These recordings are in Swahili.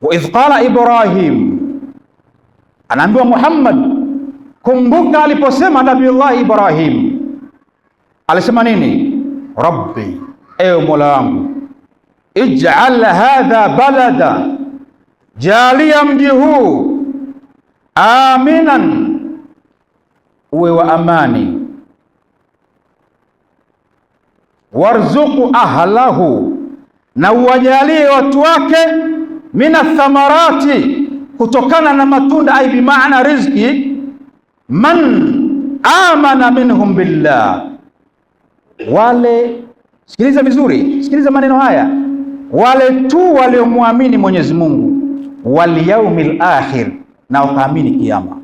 wa idh qala Ibrahim, anaambiwa Muhammad, kumbuka aliposema Nabiyullah Ibrahim, alisema nini? Rabbi, ewe Mola wangu, ij'al hadha balada, jalia mji huu aminan, uwe wa amani, warzuku ahlahu, na uwajalie watu wake mina thamarati, kutokana na matunda, ai bimaana rizki. Man amana minhum billah, wale. Sikiliza vizuri, sikiliza maneno haya, wale tu waliomwamini Mwenyezi Mungu, wal yaumil akhir, na wakaamini kiyama.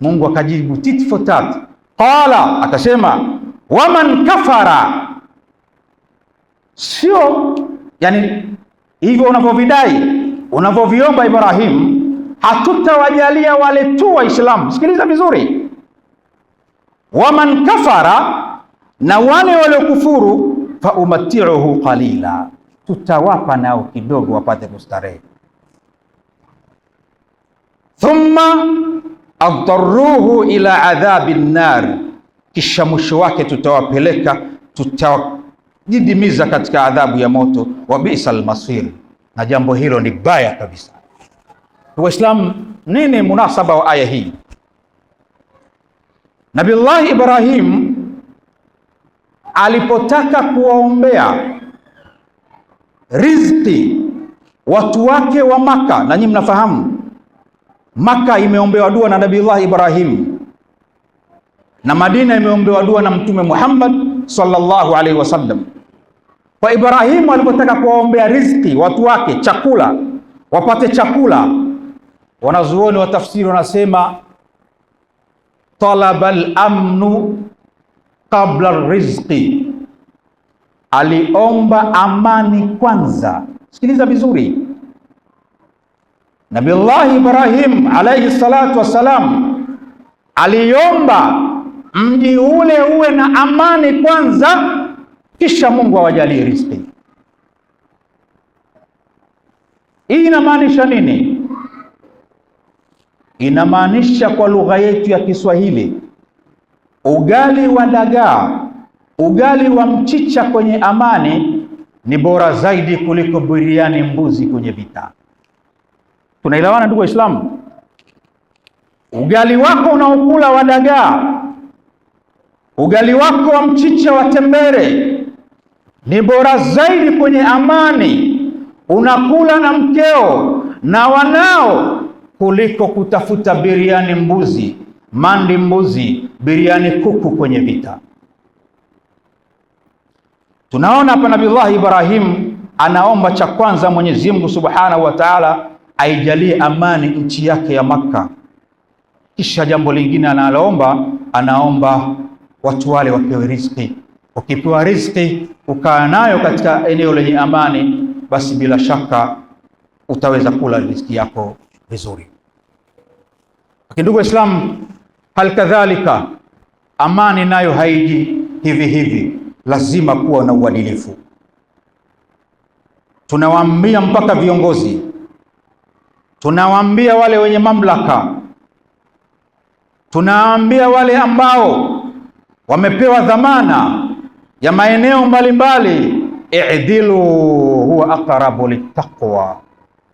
Mungu akajibu tit for tat, qala, akasema waman kafara, sio yani hivyo unavyovidai unavyoviomba Ibrahim, hatutawajalia wale tu Waislamu. Sikiliza vizuri, waman kafara, na wale waliokufuru, umatiuhu qalila, tutawapa nao kidogo wapate kustarehe. Thumma addaruhu ila adhabi nar, kisha mwisho wake tutawapeleka tuta jidimiza katika adhabu ya moto, wa bisa almasir, na jambo hilo ni baya kabisa. Waislamu, nini munasaba wa aya hii? Nabillahi Ibrahim alipotaka kuwaombea rizki watu wake wa Maka, na nyinyi mnafahamu Maka imeombewa dua na Nabillahi Ibrahim na Madina imeombewa dua na Mtume Muhammad sallallahu alaihi wasallam. Kwa Ibrahimu alipotaka kuwaombea riziki watu wake chakula, wapate chakula, wanazuoni wa tafsiri wanasema talaba al-amnu qabla rizqi, aliomba amani kwanza. Sikiliza vizuri, Nabiyullah Ibrahim alayhi salatu wassalam aliomba mji ule uwe na amani kwanza kisha Mungu awajalie riziki. Hii inamaanisha nini? Inamaanisha kwa lugha yetu ya Kiswahili, ugali wa dagaa, ugali wa mchicha kwenye amani ni bora zaidi kuliko biriani mbuzi kwenye vita. Tunaelewana ndugu Waislamu? Ugali wako unaokula wa dagaa, ugali wako wa mchicha wa tembere ni bora zaidi kwenye amani, unakula na mkeo na wanao kuliko kutafuta biriani mbuzi, mandi mbuzi, biriani kuku kwenye vita. Tunaona hapa Nabiullahi Ibrahim anaomba cha kwanza Mwenyezi Mungu Subhanahu wa Ta'ala aijalie amani nchi yake ya Makka. Kisha jambo lingine analoomba, anaomba watu wale wapewe riziki. Ukipewa riziki ukaa nayo katika eneo lenye amani, basi bila shaka utaweza kula riziki yako vizuri. Lakini ndugu Waislamu, hal kadhalika amani nayo haiji hivi hivi, lazima kuwa na uadilifu. Tunawaambia mpaka viongozi, tunawaambia wale wenye mamlaka, tunawaambia wale ambao wamepewa dhamana ya maeneo mbalimbali, i'dilu huwa aqrabu littaqwa,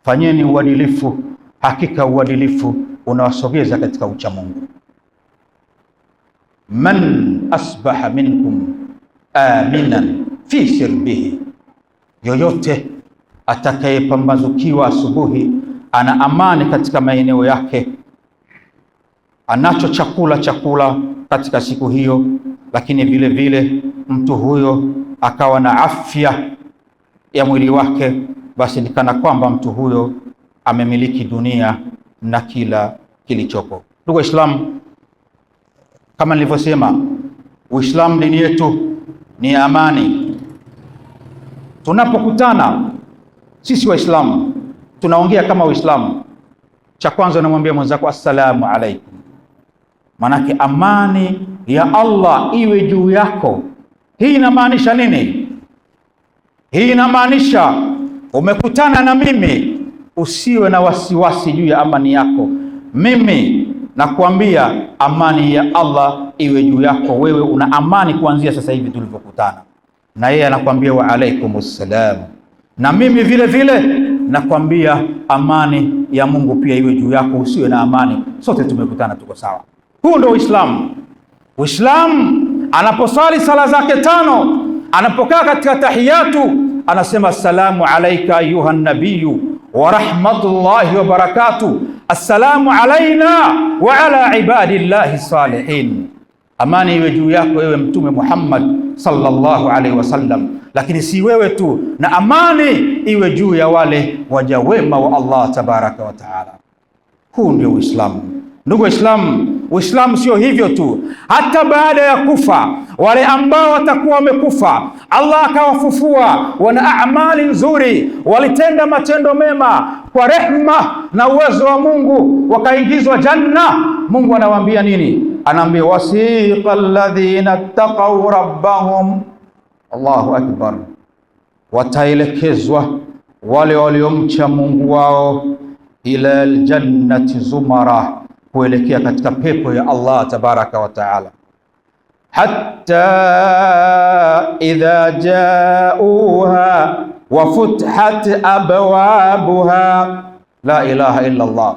fanyeni uadilifu, hakika uadilifu unawasogeza katika ucha Mungu. Man asbaha minkum aminan fi sirbihi, yoyote atakayepambazukiwa asubuhi ana amani katika maeneo yake, anacho chakula chakula katika siku hiyo, lakini vile vile mtu huyo akawa na afya ya mwili wake, basi ni kana kwamba mtu huyo amemiliki dunia na kila kilichopo. Ndugu Waislamu, kama nilivyosema, Uislamu dini yetu ni amani. Tunapokutana sisi Waislamu tunaongea kama Waislamu, cha kwanza namwambia mwenzako assalamu alaikum, manake amani ya Allah iwe juu yako. Hii inamaanisha nini? Hii inamaanisha umekutana na mimi, usiwe na wasiwasi juu ya amani yako. Mimi nakuambia amani ya Allah iwe juu yako. Wewe una amani kuanzia sasa hivi tulivyokutana, na yeye anakuambia wa alaikumus salam, na mimi vile vile nakwambia amani ya Mungu pia iwe juu yako, usiwe na amani. Sote tumekutana, tuko sawa. Huu ndio Uislamu. Uislamu anaposali sala zake tano, anapokaa katika tahiyatu anasema assalamu alaika ayuha nabiyu wa rahmatullahi wa barakatuh, assalamu alayna wa ala ibadillahi salihin, amani iwe juu yako ewe Mtume Muhammad sallallahu alaihi wasallam. Lakini si wewe tu, na amani iwe juu ya wale waja wema wa Allah tabaraka wa taala. Huu ndio Uislamu. Ndugu Waislamu, Uislamu sio hivyo tu. Hata baada ya kufa, wale ambao watakuwa wamekufa Allah akawafufua, wana amali nzuri, walitenda matendo mema, kwa rehma na uwezo wa Mungu wakaingizwa janna. Mungu anawaambia nini? Anaambia wasiqa alladhina ttaqaw rabbahum, Allahu akbar, wataelekezwa wale waliomcha Mungu wao ila aljannati zumara kuelekea katika pepo ya Allah tabaraka wa taala. hatta idha jauha wa futhat abwabuha la ilaha illa Allah,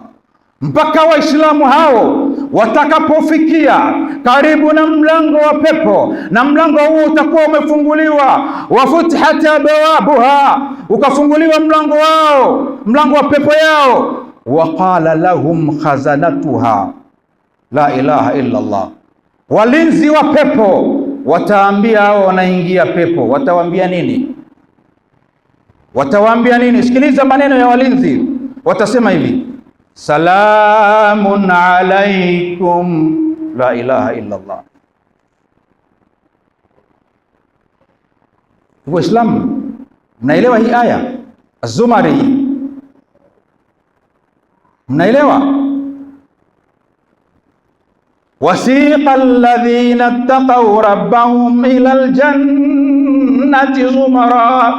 mpaka Waislamu hao watakapofikia karibu na mlango wa pepo, na mlango huo utakuwa umefunguliwa, wa futhat abwabuha, ukafunguliwa mlango wao, mlango wa pepo yao waqala lahum khazanatuha la ilaha illa Allah, walinzi wa pepo wataambia hao wanaingia pepo, watawaambia nini? Watawaambia nini? Sikiliza maneno ya walinzi, watasema hivi salamun alaikum la ilaha illa Allah. Waislamu, mnaelewa hii aya Az-Zumari Mnaelewa? wasiqa alladhina ttaqaw rabbahum ila aljannati zumara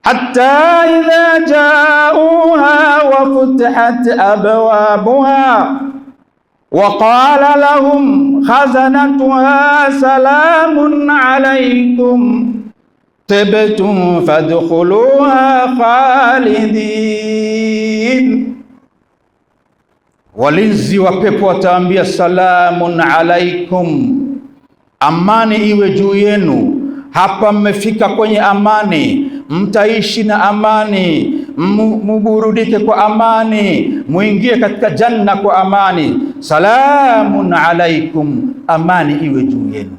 hatta idha ja'uha wa futihat abwabuha وقال لهم خزنتها سلام عليكم alaykum فادخلوها خالدين Walinzi wa pepo wataambia salamun alaikum, amani iwe juu yenu. Hapa mmefika kwenye amani, mtaishi na amani, muburudike kwa amani, muingie katika janna kwa amani. Salamun alaikum, amani iwe juu yenu.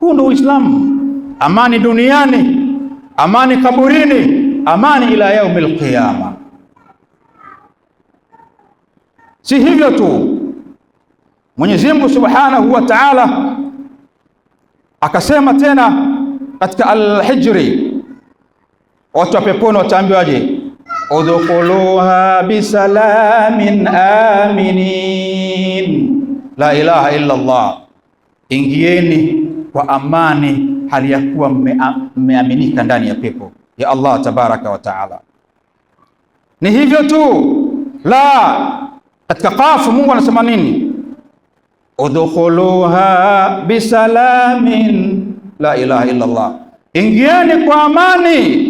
Huu ndio Uislamu, amani duniani, amani kaburini, amani ila yaumil qiyama. Si hivyo tu, Mwenyezi Mungu Subhanahu wa Ta'ala akasema tena katika Al-Hijri, watu wa peponi wataambiwaje? udkhuluha bisalamin aminin la ilaha illa Allah, ingieni kwa amani hali ya kuwa mmeaminika ndani ya pepo ya Allah tabaraka wa taala. Ni hivyo tu la katika kafu Mungu anasema nini? Udkhuluha bisalamin la ilaha illa Allah, ingieni kwa amani.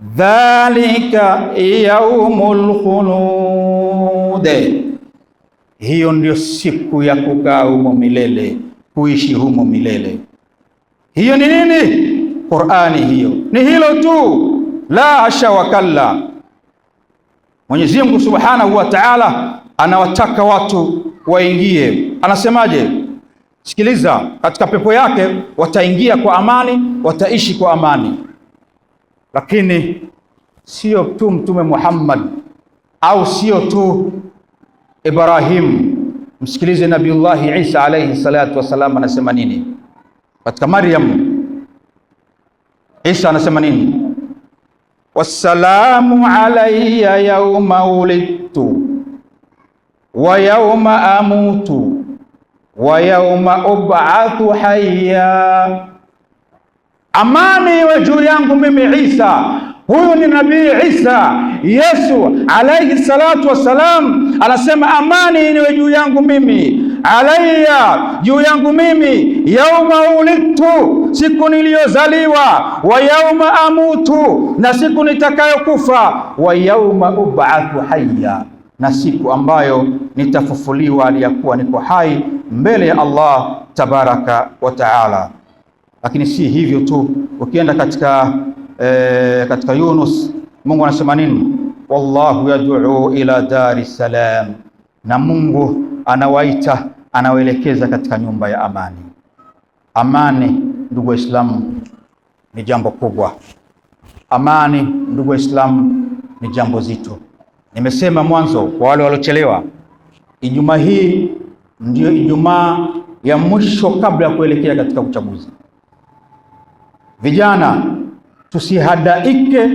Dhalika yaumul khulude, hiyo ndio siku ya kukaa humo milele, kuishi humo milele. Hiyo ni nini? Qur'ani hiyo ni hilo tu, la wakalla. Mwenyezi Mungu Subhanahu wa Ta'ala anawataka watu waingie. Anasemaje? Sikiliza, katika pepo yake wataingia kwa amani, wataishi kwa amani. Lakini sio tu Mtume Muhammad au sio tu Ibrahim. Msikilize Nabiullahi Isa alaihi salatu wassalam anasema nini katika Maryam. Isa anasema nini? wassalamu alayya yauma ulidtu wa yauma amutu wa yauma ub'athu hayya, amani iwe juu yangu mimi Isa. Huyu ni nabii Isa. Yesu alayhi salatu wassalam anasema amani iwe juu yangu mimi alayya juu yangu mimi, yauma ulidtu, siku niliyozaliwa, wa yauma amutu, na siku nitakayokufa, wa yauma ub'athu hayya na siku ambayo nitafufuliwa aliyakuwa niko hai mbele ya Allah tabaraka wa taala. Lakini si hivyo tu, ukienda katika, e, katika Yunus Mungu anasema nini? wallahu yad'u ila dari salam, na Mungu anawaita anawaelekeza katika nyumba ya amani. Amani ndugu Waislamu ni jambo kubwa. Amani ndugu Waislamu ni jambo zito. Nimesema mwanzo kwa wale waliochelewa, Ijumaa hii ndiyo Ijumaa ya mwisho kabla ya kuelekea katika uchaguzi. Vijana, tusihadaike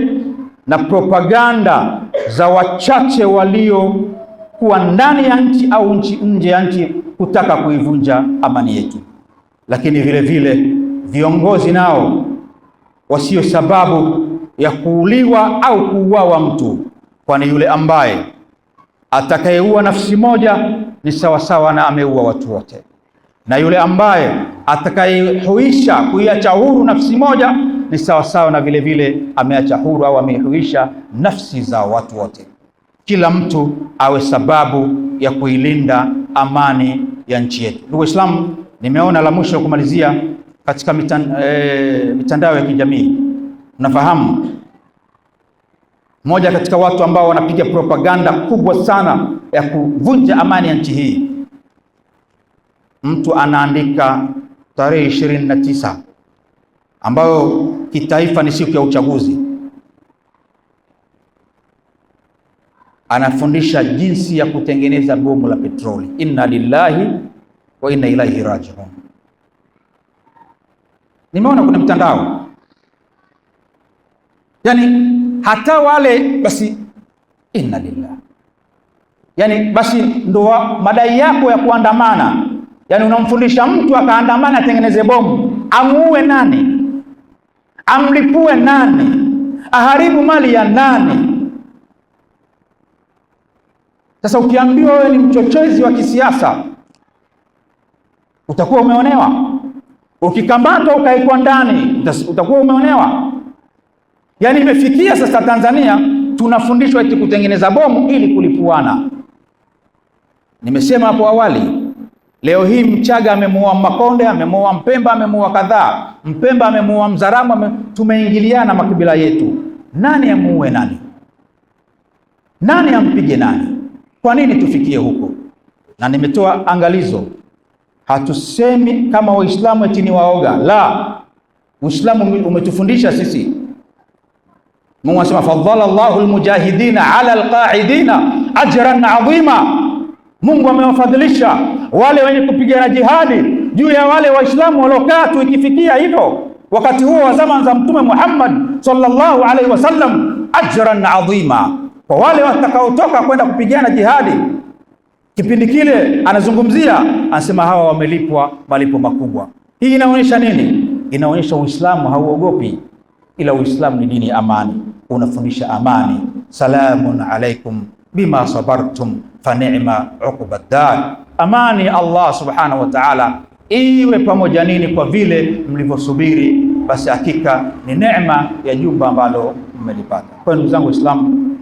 na propaganda za wachache waliokuwa ndani ya nchi au nchi nje ya nchi kutaka kuivunja amani yetu, lakini vile vile viongozi nao wasio sababu ya kuuliwa au kuuawa mtu kwani yule ambaye atakayeua nafsi moja ni sawasawa na ameua watu wote, na yule ambaye atakayehuisha kuiacha huru nafsi moja ni sawasawa na vile vile ameacha huru au amehuisha nafsi za watu wote. Kila mtu awe sababu ya kuilinda amani ya nchi yetu. Ndugu Waislamu, nimeona la mwisho kumalizia katika mitandao e, eh, mitandao ya kijamii, nafahamu mmoja katika watu ambao wanapiga propaganda kubwa sana ya kuvunja amani ya nchi hii. Mtu anaandika tarehe ishirini na tisa ambayo kitaifa ni siku ya uchaguzi, anafundisha jinsi ya kutengeneza bomu la petroli. Inna lillahi wa inna ilaihi rajiun. Nimeona kuna mtandao yani hata wale basi, inna lillah, yani basi ndo madai yako ya kuandamana. Yani unamfundisha mtu akaandamana, atengeneze bomu, amuue nani? Amlipue nani? Aharibu mali ya nani? Sasa ukiambiwa wewe ni mchochezi wa kisiasa utakuwa umeonewa. Ukikamatwa ukaekwa ndani utakuwa umeonewa. Yaani imefikia sasa Tanzania tunafundishwa eti kutengeneza bomu ili kulipuana. Nimesema hapo awali, leo hii Mchaga amemuoa Makonde, amemuoa Mpemba, amemuoa kadhaa, Mpemba amemuoa Mzaramo ame... tumeingiliana makabila yetu. Nani amuue nani? Nani ampige nani? Kwa nini tufikie huko? Na nimetoa angalizo, hatusemi kama Waislamu eti ni waoga, la. Uislamu umetufundisha sisi Mungu anasema fadhala Allahu almujahidina ala alqaidina ajran adhima, Mungu amewafadhilisha wale wenye kupigana jihadi juu ya wale Waislamu waliokaa tu. Ikifikia hivyo wakati huo wa zama za Mtume Muhammad sallallahu alaihi wasallam, ajran adhima, kwa wale watakaotoka kwenda kupigana jihadi kipindi kile, anazungumzia anasema, hawa wamelipwa malipo makubwa. Hii inaonyesha nini? Inaonyesha Uislamu hauogopi, ila Uislamu ni dini ya amani unafundisha amani. Salamun alaikum bima sabartum fa ni'ma uqbad dar, amani Allah subhanahu wa ta'ala iwe pamoja nini kwa vile mlivyosubiri, basi hakika ni neema ya jumba ambalo mmelipata. Kwa ndugu zangu Waislamu,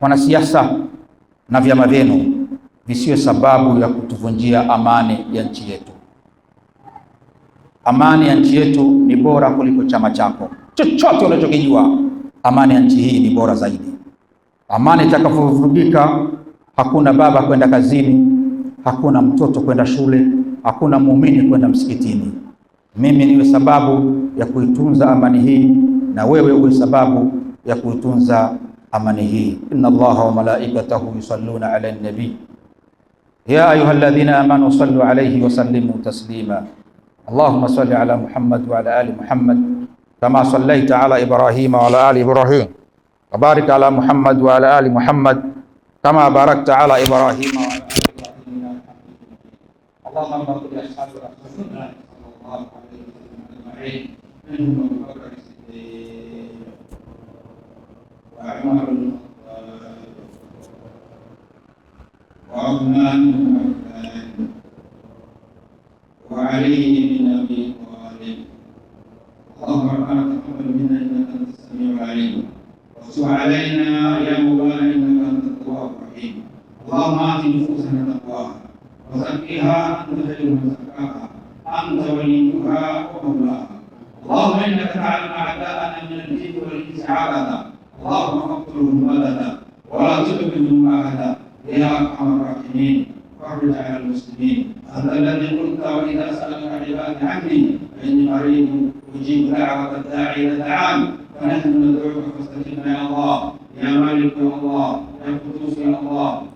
wanasiasa na vyama vyenu visiwe sababu ya kutuvunjia amani ya nchi yetu. Amani ya nchi yetu ni bora kuliko chama chako chochote unachokijua, amani ya nchi hii ni bora zaidi. Amani itakapovurugika, hakuna baba kwenda kazini, hakuna mtoto kwenda shule, hakuna muumini kwenda msikitini. Mimi niwe sababu ya kuitunza amani hii, na wewe uwe sababu ya kuitunza amani hii. inna Allaha wa malaikatahu yusalluna ala nabi ya ayuha alladhina amanu sallu alayhi wa sallimu taslima. Allahumma salli ala Muhammad wa ala ali Muhammad كما صليت على إبراهيم وعلى آل إبراهيم وبارك على محمد وعلى آل محمد كما باركت على إبراهيم وعلى آل إبراهيم اللهم صل على وعلى صلى الله عليه وسلم أجمعين منهم أبو بكر الصديق وعمر وعثمان وعلي بن أبي اللهم ربنا تقبل منا انك انت السميع العليم وافتح علينا يا مولانا انك انت التواب الرحيم اللهم ات نفوسنا تقواها وزكها انت خير من زكاها انت وليها ومولاها اللهم انك تعلم اعداءنا من الجن والانس عبدا اللهم اقتلهم بلدا ولا تدرك منهم احدا يا ارحم الراحمين واحرج على المسلمين انت الذي قلت واذا سالك عبادي عني فاني قريب يجيب دعوة الداعي إلى الدعاء فنحن ندعوك فاستجبنا يا الله يا مالك يا الله يا قدوس يا الله